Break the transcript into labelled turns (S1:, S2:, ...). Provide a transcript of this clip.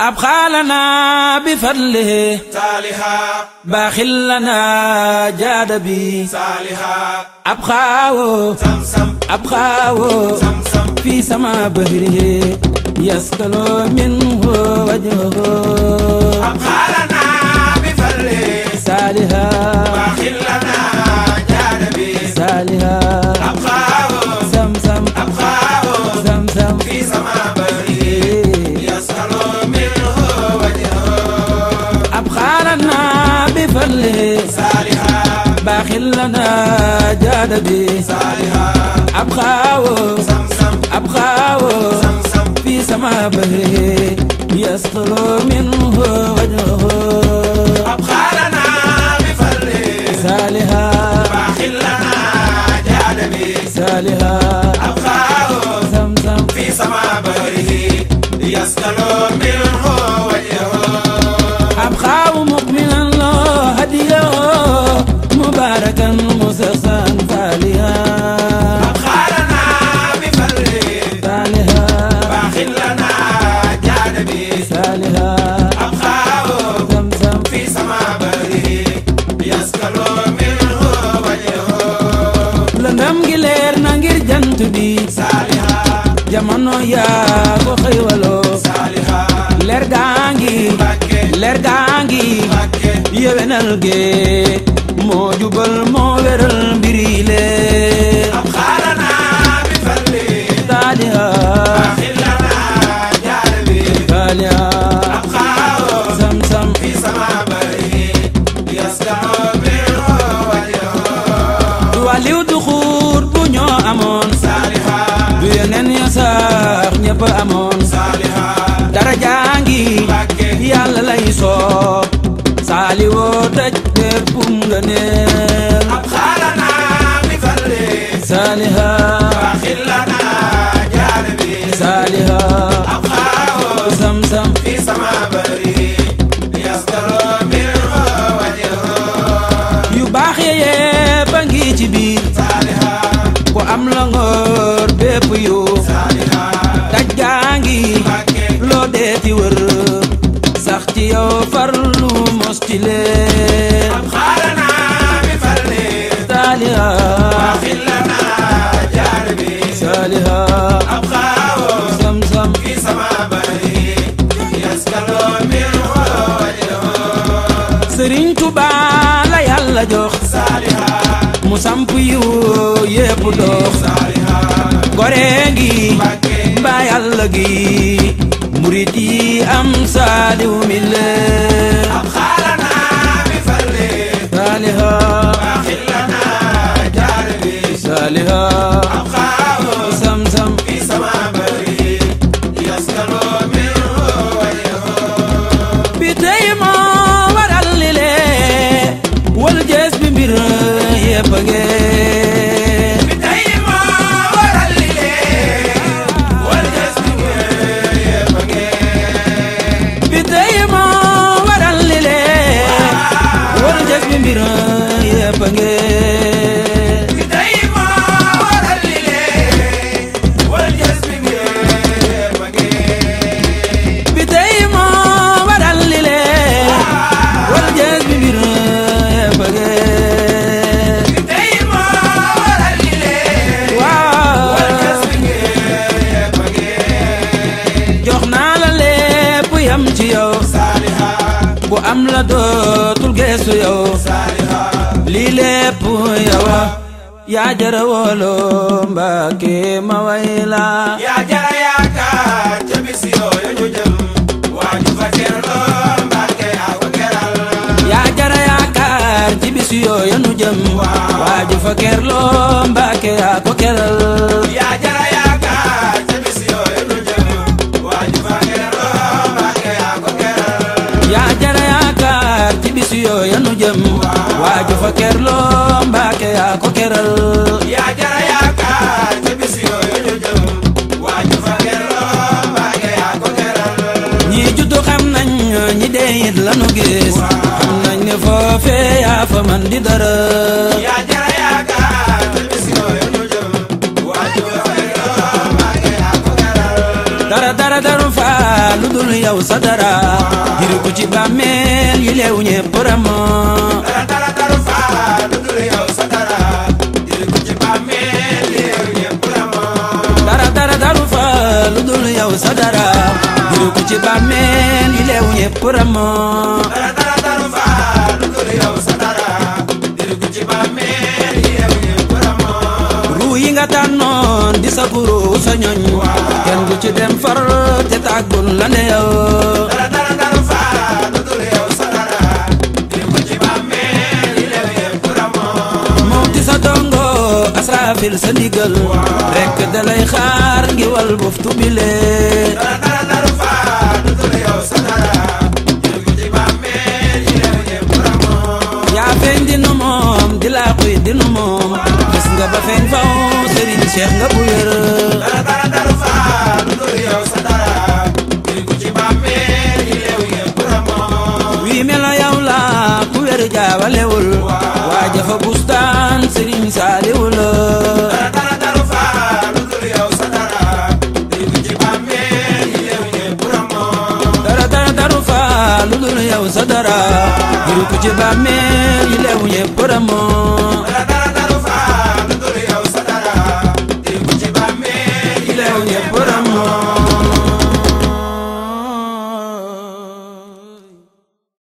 S1: أبخالنا بفضله صالحا باخلنا جاد بي صالحا أبخاو سمسم أبخاو سمسم في سما بهره يسكن منه وجهه أبخالنا بفضله صالحا باخلنا لنا جاد بي صالحا أبخاو أبخاو في سما بهي يستر منه وجهه أبخالنا بفره صالحا باخل لنا جاد بي صالحا أبخاو في سما بهي يستر منه jamono yaa ko xëywaloo saaliha leer gaa ngi yewenal ge moo jubal moo weral mbiri lee amoon saaliha dara jaangi yàlla lay soob saaliwoo tëj bépp ngëneel ab xaalana mi falle saaliha xillana jaare bi saaliha ab xaawo sam-sam fi sama bari farlu mostile am xaalana bi farle taaliha waxillana jaar bi saaliha am xaawo samsam fi sama bari yaskalo min wajo Sëriñ Tuba la yàlla jox saaliha mu samp yu yépp dox saaliha gore ngi mbaa yàlla gi murid yi am saaliw mi leen ab xaalana bi farle saaliha waxilana jaar bi saaliha ab xaawo sam-sam fi sama bari yaskalo min wayo bi tey moo waral li lee wal jees bi mbir yëpp a ngee am la dootul geesu yow lii lépp yow yaa jara wooloo Mbàkke ma way la jara yaakaar ci bis yooyu ñu jëm waa ju fa keerloo Mbàkke yaa keral dundal yaa jara yaakaar ca bis yooyu ñu jëm waa ju fa gerloo baage yaa ko teral ñi juddu xam nañ ñi dee xam nañ ne foofee yaa fa man di dara yaa jara yaakaar ca bis yooyu ñu jëm waa ju fa gerloo baage yaa ko teral dara dara daru fa lu dul yow sa dara ngir ku yi leew ñepp rama ci bàmmeel yi leewu ñépp ramoo dara dara dara faal lu dul yow sa dara dirigu ci bàmmeel yi leewu ñépp ramoo ruu yi nga tànnoon di sa guru sa ñoñ kenn du ci dem far te tàggul la ne dara dara dara faal lu dul yow sa dara dirigu ci bàmmeel yi leewu ñépp ramoo moom di sa dongo asraafil sa ndigal rekk dalay xaar ngi wal buftu bile seex nga bu yër dara dara dara faal lu dul yow sa dara ngir ku ci bàmmeel yi leew yëpp ramoon wii melo yow la ku wér jaawalewul waa jafa bustaan sëriñ saaliwu la dara dara dara faal lu dul yow sa dara ngir ku ci bàmmeel yi leew yëpp ramoon dara dara dara faal lu dul yow sa dara ngir ku ci bàmmeel